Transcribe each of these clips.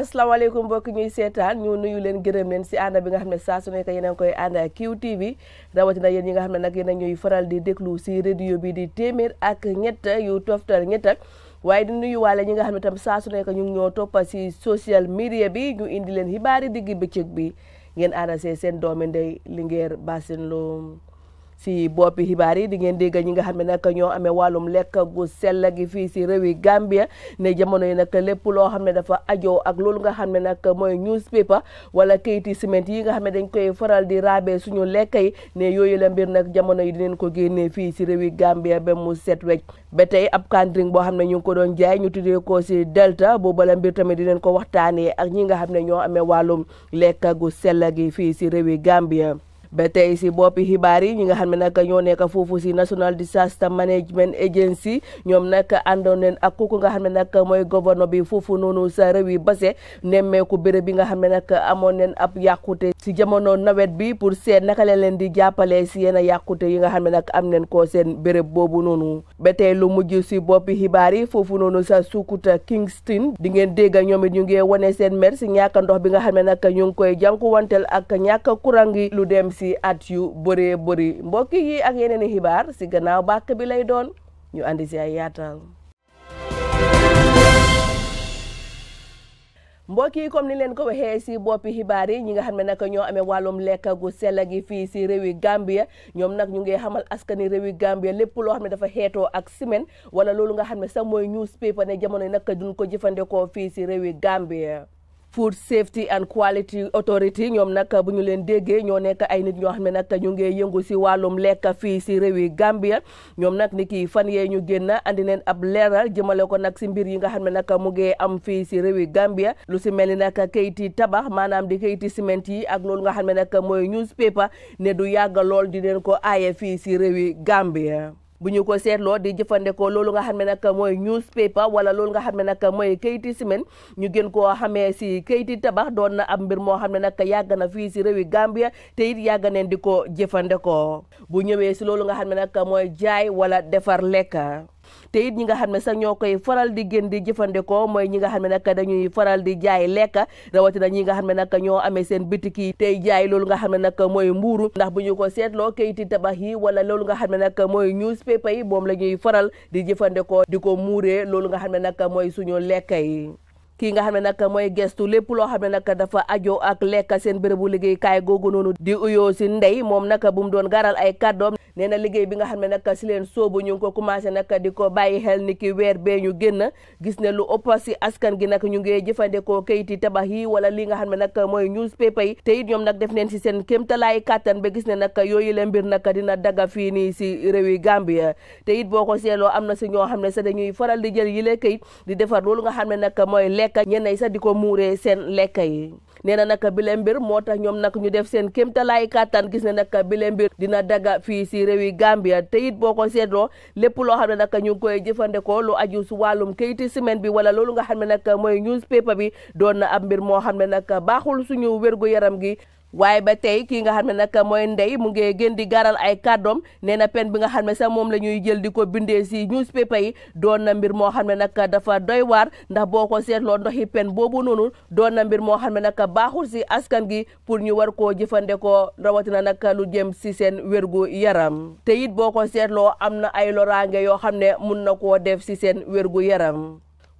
asalaamaaleykum mbokk ñuy seetaan ñu nuyu leen gërëm leen si ànd bi nga xam ne saa su nekk yéen a ngi koy ànd ak QTV yéen ñi nga xam ne nag yéen a ñuy faral di déglu si radio bi di téeméer ak ñett yu toftal ñett ak waaye di nuyu waale ñi nga xam ne tam saa su nekk ñu ñoo toppa si social media bi ñu indi leen xibaari digg bëccëg bi ngeen ànd see seen doomi ndey Linguère Bassin Loum si boppi xibaar yi di ngeen dégg ñi nga xam ne nag ñoo amee wàllum lekk gu sell gi fii si réewi Gambia ne jamono yi nag lépp loo xam ne dafa ajoo ak loolu nga xam ne nag mooy newspaper wala kayiti ciment yi nga xam ne dañ koy faral di raabee suñu lekk yi ne yooyu la nag jamono yi dinañ ko génnee fii si réewi Gambia ba mu set wecc ba tey ab kandring boo xam ne ñu ngi ko doon jaay ñu tuddee ko si Delta boobu la mbir tamit dinañ ko waxtaanee ak ñi nga xam ne ñoo amee wàllum lekk gu sell gi fii si réewi Gambia ba tey si boppi xibaar yi ñi nga xam ne nag ñoo nekk foofu si National Disaster Management Agency ñoom nag àndoon leen ak kooku nga xam ne nag mooy gouverneur bi foofu noonu sa réew yi base nemmeeku bërëb bi nga xam ne nag amoon leen ab yàqute si jamono nawet bi pour seet naka la leen di jàppale si yenn yàqute yi nga xam ne nag am neen ko seen bërëb boobu noonu ba tey lu mujj si boppi xibaar yi foofu noonu sa Sukuta Kingston di ngeen dégg ñoom it ñu ngee wane seen mer si ñàkk ndox bi nga xam ne nag ñu ngi koy wanteel ak ñàkk kurang lu dem si at yu bëree bëri mbokk yi ak yeneen i xibaar si gannaaw bàkk bi lay doon ñu andi si ay yaatal. mbokk yi comme ni leen ko waxee si boppi xibaar yi ñi nga xam ne nag ñoo amee wàllum lekk gu sell fii si réewi Gambia ñoom nag ñu ngi xamal askani réewi Gambia lépp loo xam ne dafa xeetoo ak semaine wala loolu nga xam ne sax mooy newspaper ne jamono yi nag duñ ko jëfandikoo fii si réewi Gambia. Food Safety and Quality Authority ñoom nag bu ñu leen déggee ñoo nekk ay nit ñoo xam ne nag ñu ngi yëngu si wàllum lekk fii si réewi Gambia ñoom nag ni kii fan yee ñu génn andi neen ab leeral jëmale ko nag si mbir yi nga xam ne nag mu ngi am fii si réewi Gambia lu si mel ni nag kayiti tabax maanaam di kayiti ciment yi ak loolu nga xam ne nag mooy newspaper ne du yàgg lool di leen ko aaye fii si réewi Gambia bu ñu ko seetloo di jëfandikoo loolu nga xam ne nag mooy newspaper wala loolu nga xam ne nag mooy kayiti semaine ñu gën koo xamee si kayiti tabax doon na ab mbir moo xam ne nag yàgg na fii si réewi Gambia te it yàgg neen di ko jëfandikoo bu ñëwee si loolu nga xam ne nag mooy jaay wala defar lekk te it ñi nga xam ne sax ñoo koy faral di gën di jëfandikoo mooy ñi nga xam ne nag dañuy faral di jaay lekk rawatina ñi nga xam ne nag ñoo amee seen yi tey jaay loolu nga xam ne nag mooy mbuuru ndax bu ñu ko seetloo kayiti tabax yi wala loolu nga xam ne nag mooy newspaper yi moom la ñuy faral di jëfandikoo di ko muuree loolu nga xam ne nag mooy suñu lekk yi kii nga xam ne nag mooy gestu lépp loo xam ne nag dafa ajo ak lekk seen bérébu liggéeykaay googu noonu di uyoo si ndey moom nag bu mu doon garal ay kaddoom nee na liggéey bi nga xam ne nag si leen soobu ñu ngi ko commencé nag di ko bàyyi xel ni ki weer bee ñu génn gis ne lu ëpp si askan gi nag ñu ngi jëfandikoo kayiti tabax yi wala li xam ne nag mooy newspaper yi te it ñoom nag def neen si seen kéemtalaay kàttan ba gis ne nag yooyu leen mbir nag dina daga fii nii si réewi Gambia te it boo ko seeloo am na si ñoo xam ne sax dañuy faral di jël yile kayit di defar loolu nga xam ne nag mooy lekk ñenn yi sax di ko muuree seen lekk yi nee na nag bile mbir moo tax ñoom nag ñu def seen kéemtalaay kàttan gis ne nag bile mbir dina daga fii si réewi Gambia te it boo ko seetloo lépp loo xam ne nag ñu ngi koy jëfandikoo lu aju si wàllum kayiti semaine bi wala loolu nga xam ne nag mooy newspaper bi doon na ab moo xam ne nag baaxul suñu wérgu yaram gi waaye ba tey kii nga xam ne nag mooy ndey mu ngi gën di garal ay kàddoom nee na pen bi nga xam ne sax moom la ñuy jël di ko bindee si newspaper yi doon na mbir moo xam ne nag dafa doy waar ndax boo ko seetloo ndoxi pen boobu noonu doon na mbir moo xam ne nag baaxul si askan gi pour ñu war koo jëfandikoo rawatina nag lu jëm si seen wérgu yaram te it boo ko seetloo am na ay loraange yoo xam ne mun na koo def si seen wérgu yaram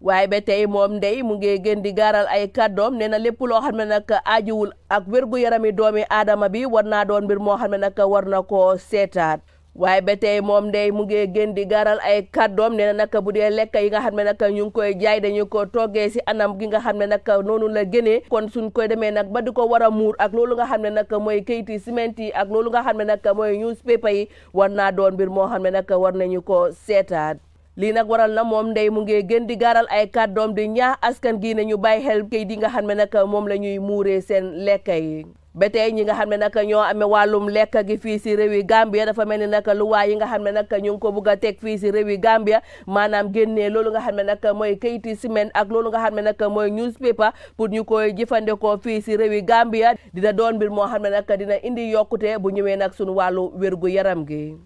waaye ba tey moom ndey mu ngi gën di gaaral ay kàddoom nee na lépp loo xam ne nag ajuwul ak wér-gu-yarami doomi aadama bi war naa doon mbir moo xam ne nag war na koo seetaat waaye ba tey moom ndey mu ngi di gaaral ay kàddoom nee na nag bu dee lekk yi nga xam ne nag ñu ngi koy jaay dañu ko toggee si anam gi nga xam ne nag noonu la gënee kon suñ koy demee nag ba di ko war a muur loolu nga xam ne nag mooy kayiti ciment yi ak loolu nga xam ne nag mooy newspaper yi war naa doon mbir moo xam nag war nañu ko seetaat lii nag waral na moom ndey mu ngee gën di gaaral ay kàddoom di ñaax askan gi ne ñu bàyyi xel kay di nga xam ne nag moom la ñuy muuree seen lekk yi ba tey ñi nga xam ne nag ñoo amee wàllum lekk gi fii si réewi Gambia dafa mel ni nag luwaa yi nga xam ne nag ñu ngi ko bugg a teg fii si réewi Gambia maanaam génnee loolu nga xam ne nag mooy si semaine ak loolu nga xam ne nag mooy newspaper pour ñu koy jëfandikoo fii si réewi Gambia dina doon mbir moo xam ne nag dina indi yokkute bu ñëwee nag suñu wàllu wér yaram gi.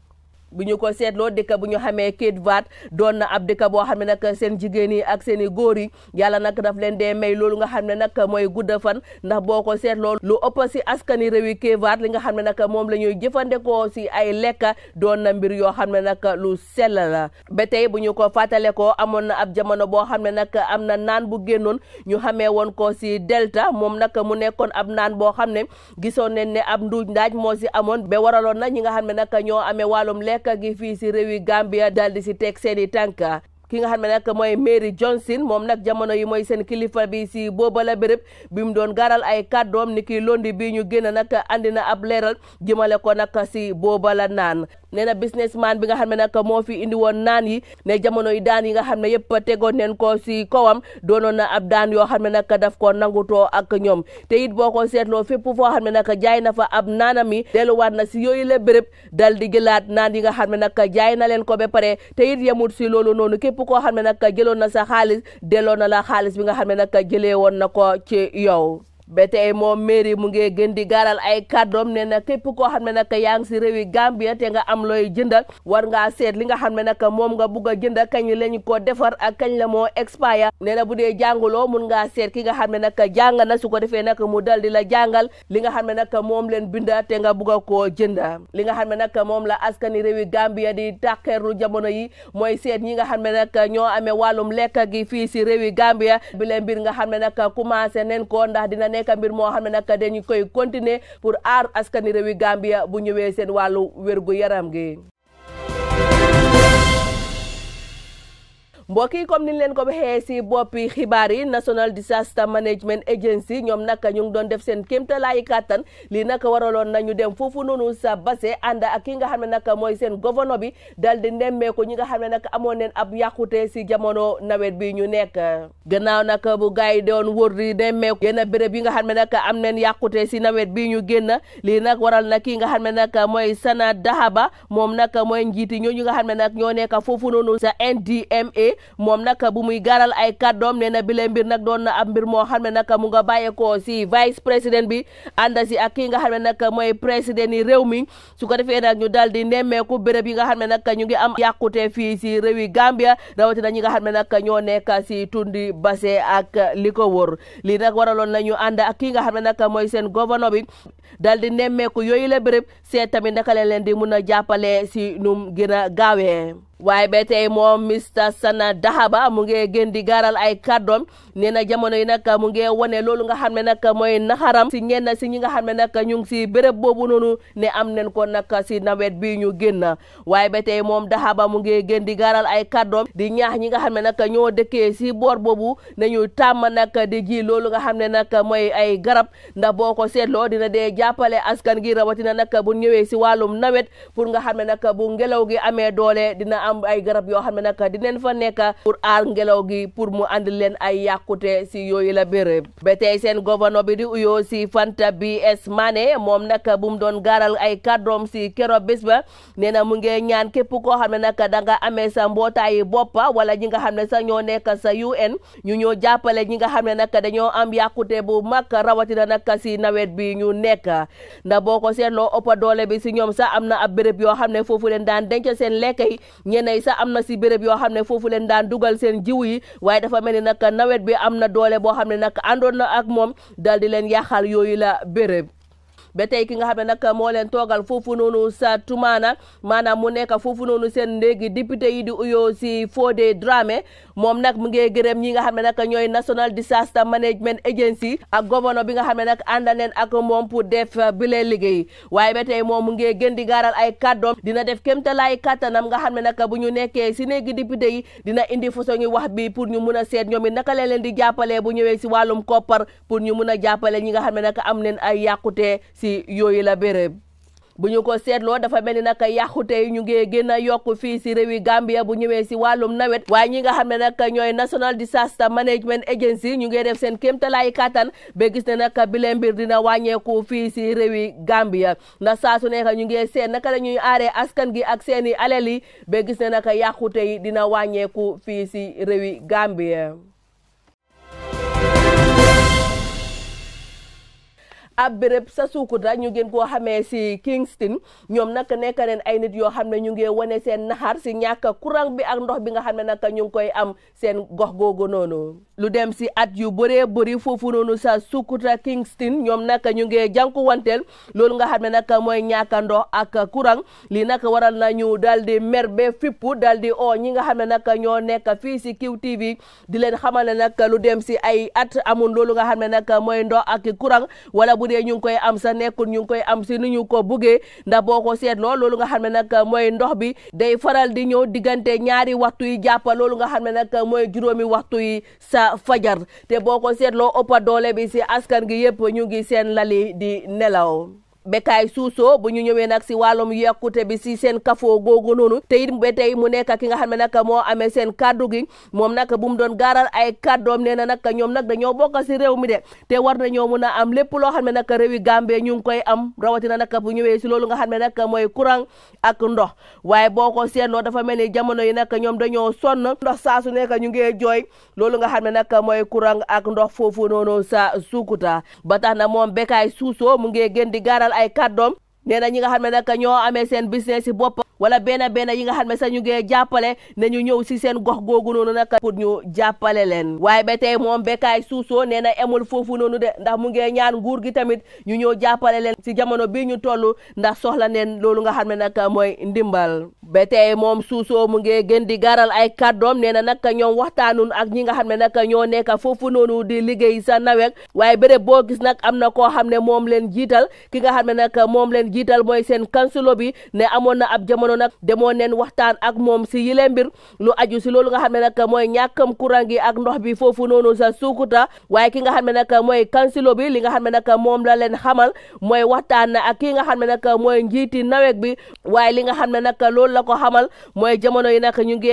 bu ñu ko seetloo dikka bu ñu xamee Cape Verde doon na ab dëkk boo xam ne nag seen jigéen yi ak seeni i góor yi yàlla nag daf leen dee may loolu nga xam ne nag mooy gudda fan ndax boo ko seetloo lu ëpp si askani réewi Cape Verde li nga xam ne nag moom la ñuy jëfandikoo si ay lekka doon na mbir yoo xam ne nag lu sell la ba tey bu ñu ko fàttale ko amoon na ab jamono boo xam ne nag am na naan bu génnoon ñu xamee woon ko si delta moom nag mu nekkoon ab naan boo xam ne gisoon nañ ne ab nduuj ndaaj moo si amoon ba waraloon na ñi nga xam ne nag ñoo amee wàllum lekk nekk gi fii si réewi Gambia daal di si teg seeni i ki nga xam ne nag mooy Mary Johnson moom nag jamono yi mooy seen kilifa bi si booba la béréb bi mu doon garal ay kàddoom ni ki londi bi ñu génn nag andi na ab leeral jëmale ko nag si booba la naan nee na businessman bi nga xam ne nag moo fi indi woon naan yi ne jamono yi daan yi nga xam ne yëpp tegoon neen ko si kawam doonoon na ab daan yoo xam ne nag daf ko nangutoo ak ñoom te it boo ko seetloo fépp foo xam ne nag jaay na fa ab naanam yi delluwaat na si yooyu la béréb dal di jëlaat naan yi nga xam ne nag jaay na leen ko ba pare te it yemut si loolu noonu képp koo xam ne nag jëloon na sa xaalis delloo na la xaalis bi nga xam ne nag jëlee woon na ko ci yow ba tey moom mairie mu ngi gën di gaaral ay kàddoom ne na képp koo xam ne nag yaa ngi si réewi Gambia te nga am looy jëndal war ngaa seet li nga xam ne nag moom nga bugg a jënd kañ lañu ko defar ak kañ la moo expire nee na bu dee jàngaloo mun ngaa seet ki nga xam ne nag jàng na su ko defee nag mu dal di la jàngal li nga xam ne nag moom leen binda te nga bugg a koo jënda li nga xam ne nag moom la askani réwi Gambia di tàkkeerlu jamono yi mooy seet ñi nga xam ne nag ñoo amee wàllum lekk gi fii si réewi Gambia bi leen mbir nga xam ne nag commencé nen ko ndax nekk mbir moo xam ne nag dañu koy continuer pour aar askani réewi Gambia bu ñëwee seen wàllu wérgu yaram gi mbokk yi comme niñ leen ko waxee si boppi xibaar yi National Disaster Management Agency ñoom nag ñu ngi doon def seen kéemtalaayi kàttan lii nag waraloon na ñu dem foofu noonu sa base ànd ak ki nga xam ne nag mooy seen gouverneur bi dal di nemmeeku ñi nga xam ne nag amoon neen ab yàqute si jamono nawet bi ñu nekk gannaaw nag bu gars yi doon wër di nemmeeku yenn béréb yi nga xam ne nag am neen yàqute si nawet bi ñu génn lii nag waral na ki nga xam ne nag mooy Sana Dahaba moom nag mooy njiiti ñu nga xam ne nag ñoo nekk foofu noonu sa NDMA moom nag bu muy gaaral ay kàddoom nee na bile mbir nag doon na ab mbir moo xam ne nag mu nga bàyyeekoo si vice président bi ànd si ak ki nga xam ne nag mooy président ni réew mi su ko defee nag ñu daal di nemmeeku béréb yi nga xam ne nag ñu ngi am yàqute fii si réewi Gambia rawatina ñi nga xam ne nag ñoo nekk si tundi base ak li ko wër lii nag waraloon na ñu ànd ak ki nga xam ne nag mooy seen gouverneur bi dal di nemmeeku yooyu la bërëb seet tamit naka leen leen di mun a jàppale si num gën a gaawee waaye ba tey moom Mr Sana Dahaba mu ngi gën di gaaral ay kaddoom nee na jamono yi nag mu ngi wane loolu nga xam ne nag mooy naxaram si ñenn si ñi xam ne nag ñu ngi si béréb boobu noonu ne am nañ ko nag si nawet bi ñu génna waaye ba tey moom Dahaba mu ngi gën di gaaral ay kàddoom di ñaax ñi nga xam ne nag ñoo dëkkee si boor boobu nañu tàmm nag di ji loolu nga xam ne nag mooy ay garab ndax boo ko seetloo dina dee jàppale askan gi rawatina nag bu ñëwee si wàllum nawet pour nga xam ne nag bu ngelaw gi amee doole dina am ay garab yoo xam ne nag dinañ fa nekk pour aar ngelaw gi pour mu andi leen ay yàqute si yooyu la béréb ba tey seen gouverneur bi di yoo si Fanta B.S Mané moom nag bu mu doon gaaral ay kaddoom si keroog bés ba nee na mu ngi ñaan képp koo xam ne nag da nga amee sa mbootaayu boppa wala ji nga xam ne sax ñoo nekk sa UN ñu ñoo jàppale ñi nga xam ne nag dañoo am yàqute bu mag rawatina nag si nawet bi ñu nekk ndax boo ko seetloo ëpp doole bi nay sax am na si béréb yoo xam ne foofu leen daan dugal seen jiw yi waaye dafa mel ni nag nawet bi am na doole boo xam ne nag àndoon na ak moom daal di leen yàqal yooyu la béréb ba tey ki nga xam ne nag moo leen toogal foofu noonu sa tumaana maanaam mu nekk foofu noonu seen ndéegi député yi di uyoo si Fodé Dramé moom nag mu ngee gërëm ñi nga xam ne nag ñooy National Disaster Management Agency ak gouverneur bi nga xam ne nag ànd neen ak moom pour def bile liggéey waaye ba tey moom mu ngi gën di gaaral ay kàddoom dina def kéemtalaay kàttanam nga xam ne nag bu ñu nekkee si néegi député yi dina indi façon ñu wax bi pour ñu mun a seet ñoom it naka leen leen di jàppalee bu ñëwee si wàllum koppar pour ñu mun a jàppale ñi nga xam ne nag am neen ay yàqute si yooyu la béréb bu ñu ko seetloo dafa mel ni naka yàqute yi ñu ngi génn a yokk fii si réewi Gambia bu ñëwee si wàllum nawet waaye ñi nga xam ne nag ñooy National Disaster Management Agency ñu ngi def seen kéemtalaay kàttan bee gis ne nag bile mbir dina wàññeeku fii si réewi Gambia ndax saa su nekk ñu ngi seet naka la ñuy aaree askan gi ak seen i alal yi ba gis ne nag yàqute yi dina wàññeeku fii si réewi Gambia. ab béréb sa suukuta ñu ngeen koo xamee si Kingston ñoom nag nekk neen ay nit yoo xam ne ñu ngi wane seen naxar si ñàkk courant bi ak ndox bi nga xam ne nag ñu ngi koy am seen gox googu noonu lu dem si at yu bëree bëri foofu noonu sa suukuta Kingston ñoom nag ñu ngi jànkuwanteel loolu nga xam ne nag mooy ñàkk ndox ak courant lii nag waral na ñu daal di mer ba fippu daal di o ñi nga xam ne nag ñoo nekk fii si QTV di leen xamal ne nag lu dem si ay at amun loolu nga xam ne nag mooy ndox ak bu dee ñu ngi koy am sa nekkul ñu ngi koy am si nu ñu ko buggee ndax boo ko seetloo loolu nga xam ne nag mooy ndox bi day faral di ñëw diggante ñaari waxtu yi jàpp loolu nga xam ne nag mooy juróomi waxtu yi sa fajar te boo ko seetloo ëppa doole bi si askan gi yëpp ñu ngi seen lali di nelaw Bécaye suusoo bu ñu ñëwee nag si wàllum yokkute bi si seen kafoo googu noonu te it ba tey mu nekk ki nga xam ne nag moo amee seen kaddu gi moom nag bu mu doon gaaral ay kaddoom nee na nag ñoom nag dañoo bokk si réew mi de te war nañoo mun a am lépp loo xam ne nag réewi Gambie ñu ngi koy am rawatina nag bu ñëwee si loolu nga xam ne nag mooy courant ak ndox waaye boo ko seetloo dafa mel ni jamono yi nag ñoom dañoo sonn ndox saa su nekk ñu ngi jooy loolu nga xam ne nag mooy courant ak ndox foofu noonu sa Sukuta ba tax na moom Bécaye Souso mu ngi gën di gaaral ay kàddoom nee na ñi nga xam ne nag ñoo amee seen business si bopp wala benn benn yi nga xam ne sax ñu ngee jàppale na ñu ñëw si seen gox googu noonu nag pour ñu jàppale leen waaye ba tey moom Bekay Suso nee na emul foofu noonu de ndax mu ngee ñaan gi tamit ñu ñëw jàppale leen si jamono bii ñu toll ndax soxla neen loolu nga xam ne nag mooy ndimbal ba tey moom Suso mu ngee gën di garal ay kàddoom nee na nag ñoom waxtaanun ak ñi nga xam ne nag ñoo nekk foofu noonu di liggéey sa nawek waaye béréb boo gis nag am na koo xam ne moom leen jiital ki nga xam ne nag moom leen jiital mooy seen kansilo bi ne amoon na ab jamono nag demoon neen waxtaan ak moom si yile mbir lu aju si loolu nga xam ne nag mooy ñàkkam courant gi ak ndox bi foofu noonu sa Sukuta waaye ki nga xam ne nag mooy kansilo bi li nga xam ne nag moom la leen xamal mooy waxtaan na ak kii nga xam ne nag mooy njiiti nawet bi waaye li nga xam ne nag loolu la ko xamal mooy jamono yi nag ñu ngi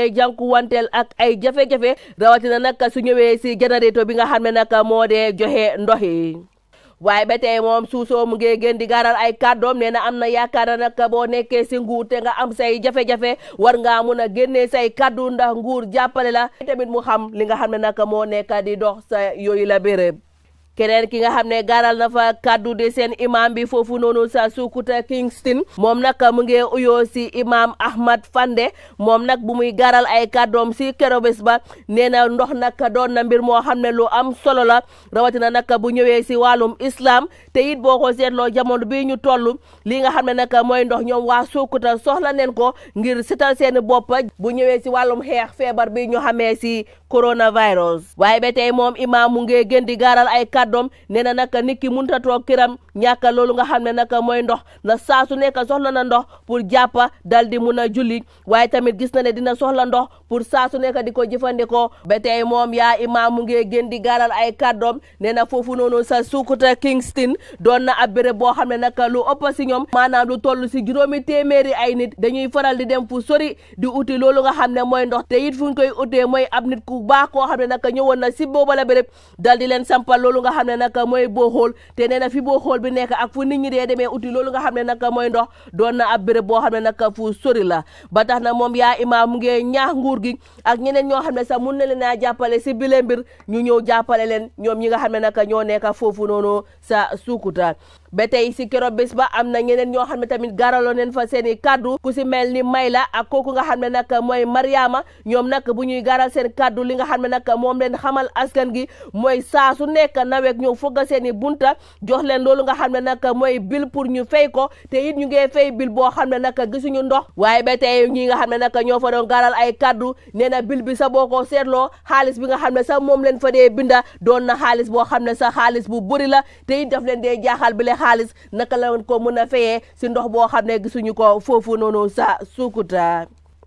wanteel ak ay jafe-jafe rawatina nag su ñëwee si générateur bi nga xam nag moo dee joxe ndox yi waaye ba tey moom suusoo mu ngee gën di gaaral ay kaddoom nee na am na yaakaar nag boo nekkee si nguur te nga am say jafe-jafe war ngaa mun a génnee say kàddu ndax nguur jàppale la tamit mu xam li nga xam ne nag moo nekk di dox sa yooyu la béréb keneen ki nga xam ne gaaral na fa kàddu di seen imam bi foofu noonu sa Sukuta Kingston moom nag mu ngi uyoo si imam Ahmad Fande moom nag bu muy gaaral ay kàddoom si kerobes ba nee na ndox nag doon na mbir moo xam ne lu am solo la rawatina nag bu ñëwee si wàllum islam te it boo ko seetloo jamono bii ñu toll li nga xam ne nag mooy ndox ñoom waa Sukuta soxla neen ko ngir setal seen bopp bu ñëwee si wàllum xeex feebar bi ñu xamee si coronavirus waaye ba tey moom imaam mu ngee gën di gaaral ay kàddoom nee na naka nit ki mënut a loolu nga xam ne naka mooy ndox na saa su nekk soxla na ndox pour jàppa dal di mun a julli waaye tamit gis na ne dina soxla ndox pour saa su nekk di ko jëfandikoo ba tey moom yaa imaam mu ngee gën di gaaral ay kàddoom nee na foofu noonu sa Sukuta Kingston doon na ab boo xam ne naka lu ëpp si ñoom maanaam lu toll si juróomi téeméeri ay nit dañuy faral di dem xam ne mooy ndox te it fu ñu koy utee mooy ab nit ku ku baax koo xam ne nag ñëwoon na si boobala béréb dal di leen sampal loolu nga xam ne nag mooy booxool te nee na fi booxool bi nekk ak fu nit ñi dee demee uti loolu nga xam ne nag mooy ndox doon na ab béréb boo xam ne nag fu sori la ba tax na moom yaa imaam mu ngi ñaax nguur gi ak ñeneen ñoo xam ne sax mun na leen a jàppale si bile mbir ñu ñëw jàppale leen ñoom ñi nga xam ne nag ñoo nekk foofu noonu sa Sukuta ba tey si keroog bés ba am na ñeneen ñoo xam ne tamit garaloon neen fa seen i kaddu ku si mel ni Mayla ak kooku nga xam ne nag mooy Mariama ñoom nag bu ñuy garal seen kaddu li nga xam ne nag moom leen xamal askan gi mooy saa su nekk nawet ñëw fogga seen i bunta jox leen loolu nga xam ne nag mooy bil pour ñu fay ko te it ñu ngee fay bil boo xam ne nag gisuñu ndox waaye ba tey ñi nga xam ne nag ñoo fa doon garal ay kaddu nee na bil bi sa boo ko seetloo xaalis bi nga xam ne sax moom leen fa dee binda doon na xaalis boo xam ne sa xaalis bu bëri la te it leen dee jaaxal bi xaalis naka la ko mën a fayee si ndox boo xam ne gisuñu ko foofu noonu sa Sukuta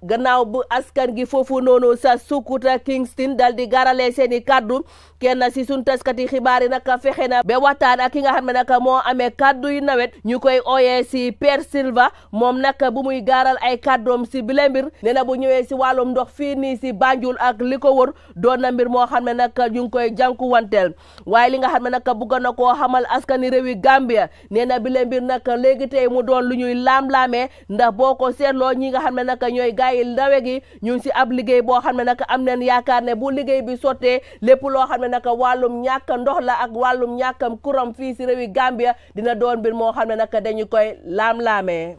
gannaaw bu askan gi foofu noonu sa Sukuta Kingston dal di garale seeni kaddu kenn si sun taskati xibaar yi nag fexe na ba waxtaan ak ki nga xam ne nag moo amee kàddu yu nawet ñu koy ooyee si Pierre Silva moom nag bu muy gaaral ay kàddoom si bile mbir na bu ñëwee si wàllum ndox fii nii si Banjul ak li ko wër doon na mbir moo xam ne nag ñu ngi koy jànkuwanteel waaye li nga xam ne nag bëgg na koo xamal askani réewi Gambia nee na bile mbir nag léegi tey mu doon lu ñuy laam-laamee ndax boo ko seetloo ñi nga xam ne nag ñooy bàyyi ndawe gi ñu ngi si ab liggéey boo xam ne naka am neen yaakaar ne bu liggéey bi sottee lépp loo xam ne naka wàllum ñàkk ndox la ak wàllum ñàkkam kuram fii si réewi Gambia dina doon mbir moo xam ne naka dañu koy laam-laamee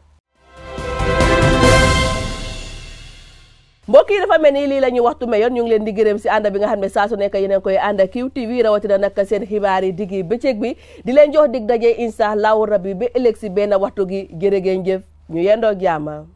mbokk yi dafa mel ni lii la ñuy waxtu mayoon ñu ngi leen di gërëm si ànd bi nga xam ne saa su nekk yeneen koy ànd ak QTV rawatina nag seen xibaar yi diggi bëccëg bi di leen jox dig daje insa allahu rabbi ba ëllëg si benn waxtu gi jërë ngeen ñu yendoo jàmm